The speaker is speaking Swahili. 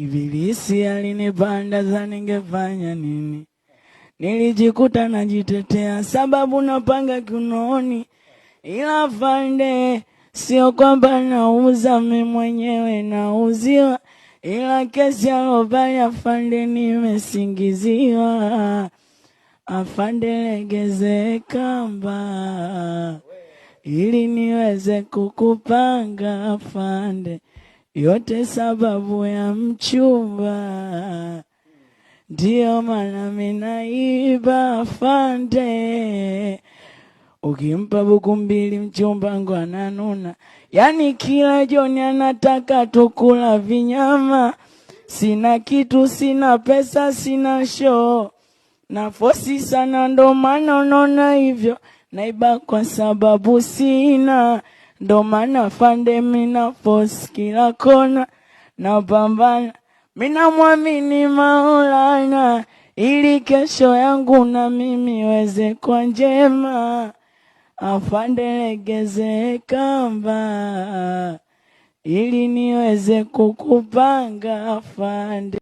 Ibilisi alinipanda za ningefanya nini? Nilijikuta najitetea sababu napanga kunoni, ila fande sio kwamba nauza mi mwenyewe nauziwa, ila kesi alobaya fande nimesingiziwa afande, legeze kamba ili niweze kukupanga afande yote sababu ya mchumba, ndio maana minaiba fande. Ukimpa buku mbili mchumba ngo ananuna, yani kila jioni anataka tukula vinyama. Sina kitu, sina pesa, sina show na fosi sana, ndo maana unaona hivyo naiba, kwa sababu sina Ndo maana fande mina post kila kona na pambana, mina mwamini Maulana ili kesho yangu na mimi weze kwa njema. Afande legeze kamba ili niweze kukupanga afande.